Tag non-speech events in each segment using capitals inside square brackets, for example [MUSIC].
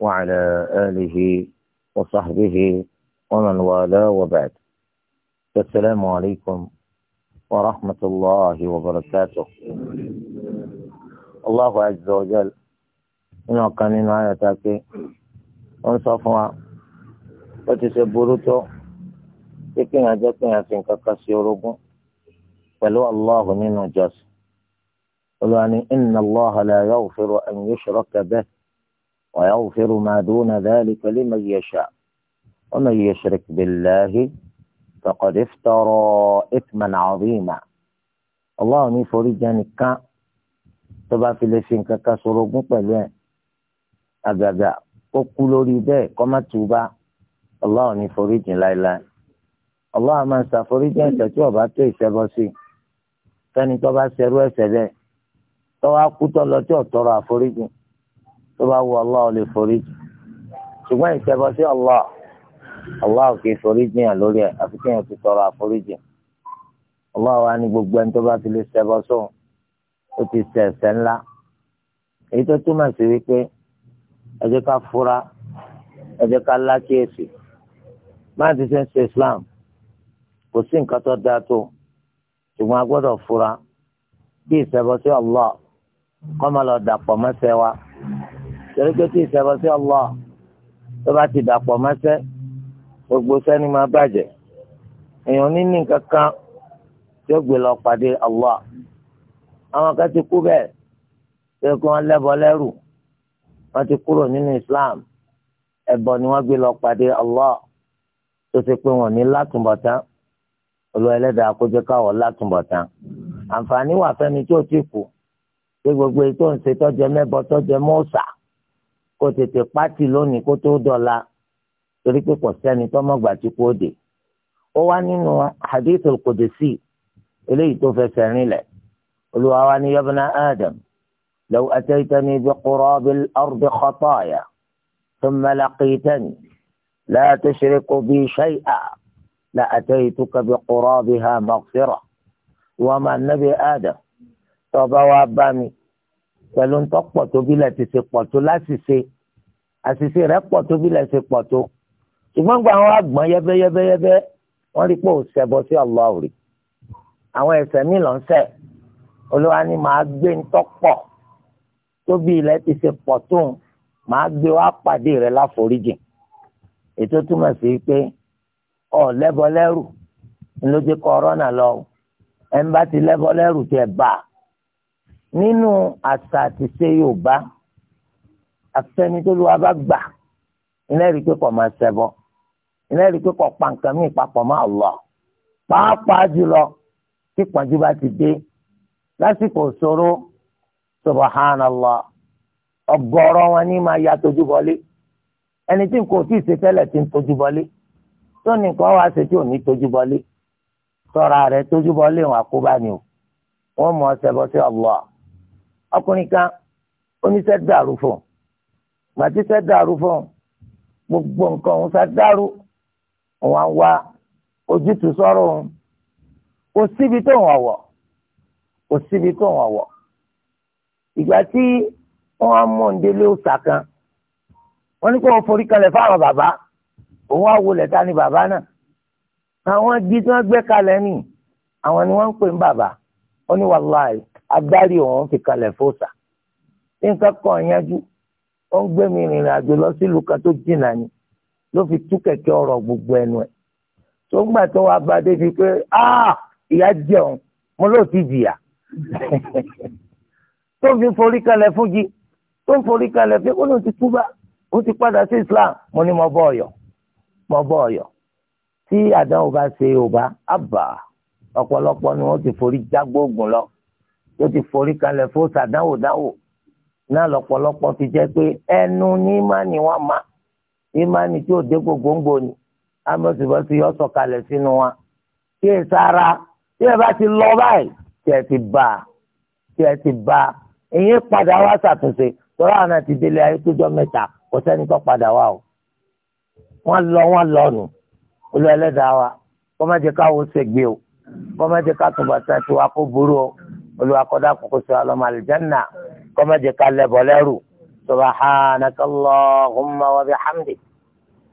وعلى آله وصحبه ومن والاه وبعد السلام عليكم ورحمة الله وبركاته الله عز وجل إن كان إنه آية تاكي ونصفوا وتسبروتو لكن أجاكين أسين كاكاسي ورقو فلو الله منه جاسم قلوا إن الله لا يغفر أن يشرك به ويغفر ما دون ذلك لمن يشاء ومن يشرك بالله فقد افترى إثما عظيما الله ní foríjìn nìkan tó bá fi lè fi nǹkan kan ṣorogún pẹ̀lú ẹ̀ àgàgà ó kú lórí bẹ́ẹ̀ kó má túbá Allah ní foríjìn láéláé Allah máa ń ṣàforíjìn ẹ̀ṣẹ̀ tí ó bá tó ìṣẹ́bọ sí fẹ́ni tó bá ṣerú ẹ̀ṣẹ̀ bẹ́ẹ̀ tó wá kú tó lọ tí ò tọrọ àforíjìn tó bá wù Allah ò lè foríjì ṣùgbọ́n ìṣẹ́bọ sí Allah Allah ò kì í foríjì yàn lórí ẹ̀ àfi kéèyàn ti tọrọ àforíjì Allah wa ní gbogbo ẹni tó bá ti lè ṣẹbọ sóun ó ti ṣẹ̀ ẹ̀ṣẹ̀ ńlá èyí tó túmọ̀ sí wípé ẹ jẹ́ ká fura ẹ ká lákìyèsí máa ti ṣe ń ṣe Islam kò sí nǹkan tó dáa tó ṣùgbọ́n a gbọ́dọ̀ fura bí ìṣẹ́bọ sí Allah kọ́ máa lọ dàpọ̀ mọ́ṣẹ́ wa torí pé tí ìṣẹ̀bọ sí Allah tó bá ti dàpọ̀ mọ́sẹ́ gbogbo sẹ́ni máa bàjẹ́ èèyàn níní nǹkan kan tí ó gbé lọ pàdé Allah àwọn kan ti kú bẹ́ẹ̀ pé kí wọ́n lẹ́bọ lẹ́rù wọ́n ti kúrò nínú Islam ẹ̀bọ ni wọ́n gbé lọ pàdé Allah tó ti pé wọn ní látúbọ̀tán olú ẹlẹ́dàá kó jẹ́ káwọ́ látúbọ̀tán àǹfààní wà fẹ́ni tí ó ti kù pé gbogbo ètò ìṣètọ́jẹ mẹ́bọ tọ́jẹ mọ́ọ̀sà kó tètè pátì lónìí kó tó dọ̀la torí pé kò sẹ́ni tọ́mọ̀gbà tí kò dé ó wá nínú hadithul qudsi eléyìí tó fẹsẹ̀ rinlẹ̀ olúwa wa ní yabna adam law ataytani bi qurabil ardi khataya thumma laqitani la tushriku bi shay'a la ataytuka bi qurabiha maghfira wa ma nabi adam tọba wa bá mi pẹ̀lú ntọ́pọ̀ tó bílẹ̀ ti ṣe pọ̀ tó láṣìṣe àṣìṣe rẹ̀ pọ̀ tó bílẹ̀ ṣe pọ̀ tó ṣùgbọ́n gba àwọn àgbọ̀n yẹ́bẹ́yẹ́bẹ́yẹ́bẹ́ wọ́n rí pé ò ṣẹbọ sí Allah rí àwọn ẹ̀ṣẹ̀ mi lọ́n ṣẹ̀ olúwa ni màá gbé ntọ́pọ̀ tó bílẹ̀ ti ṣe pọ̀ tó màá gbé wá pàdé rẹ̀ láforíjì ètò túmọ̀ sí pé ọ̀ lẹ́bọ lẹ́rù ńlójú kọ́ ọ̀rọ̀ náà lọ ẹ̀ ń bá ti lẹ́bọ lẹ́rù tiẹ̀ bá a nínú àṣà àti ṣe Yorùbá àfẹni tó lu abá gbà iná rí pé kò máa ṣẹbọ iná rí pé kò pa nǹkan mí papọ̀ mọ́ Allah pàápàá jùlọ tí pọ́njú bá ti dé lásìkò ṣòro subhanallah ọ̀gọ̀rọ̀ wọn ní máa ya tójú bọlé ẹni tí nǹkan ò tí ì ṣe tẹ́lẹ̀ ti ń tójú bọlé tó ní nǹkan wá ṣe tí ò ní tójú bọlé sọ̀rọ̀ rẹ̀ tójú bọlé wọn àkóbá ni o wọ́n mọ̀ ọ́ ṣẹbọ sí Allah ọkùnrin kan oníṣẹ́ dàrú fún un gbàtíṣẹ́ dàrú fún un gbogbo nǹkan òun ṣá dàrú òun á wá ojútùú sọ̀rọ̀ òun kò síbi tó ń wọ̀ kò síbi tó ń wọ̀ ìgbà tí wọ́n á mú òǹdélé òòsà kan wọ́n ní kó wọ́n forí kalẹ̀ fáwọn bàbá òun á wọlé ta ni bàbá náà àwọn igi tí ni àwọn ni wọ́n ń pè ń bàbá ó ní wàláì agbárí òun ti kalẹ̀ fòsà tí nǹkan kan yanjú ó ń gbé mi rìnrìn àjò lọ sílùú kan tó jìnnà ni ló fi tú kẹ̀kẹ́ ọ̀rọ̀ gbogbo ẹnu ẹ̀ tó ń gbà tó wàá bá débi pé ah, ìyá jẹun mo lóò ti jìyà [LAUGHS] tó fi forí kalẹ̀ fún jí tó ń forí kalẹ̀ fún ó lóò ti túbà ó ti padà sí Islam mo ní mo bọ́ ọ̀yọ́ mo bọ́ ọ̀yọ́ tí àdánwò bá ṣe Yorùbá àbà ọ̀pọ̀lọpọ̀ ni wọ́n ti forí jágbóògùn lọ tó ti forí kalẹ̀ fún sàdáwò dáwò náà lọ́pọ̀lọpọ̀ ti jẹ́ pé ẹnu ní ìmánì wọn má ìmánì tí ò dé gbogbo ni amọ̀sibọ́sí yọ sọ̀kalẹ̀ sínú wa kí ẹ sára tí ẹ bá ti lọ báyìí tí ẹ ti bá tí ẹ ti bá èyí padà wá ṣàtúnṣe tọ́lá àná ti délé ayé tó jọ mẹ́ta kò sẹ́ni tó padà wá o wọ́n lọ wọ́n lọ nù olú ẹlẹ́dàá wa kọ́ káwọ́ ṣègbè o kọ́ má jẹ́ ká tọ̀bọ̀tán tiwa kó burú o olúwa kọ́dá kókó sọ alọ́mọ àlùjáná kọ́mọ́jẹ ká lẹ́bọ̀ lẹ́rù subhanaka allahumma wa bihamdik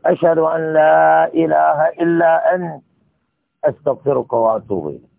ashhadu an la ilaha illa ant astaghfiruka wa atubu ilayk.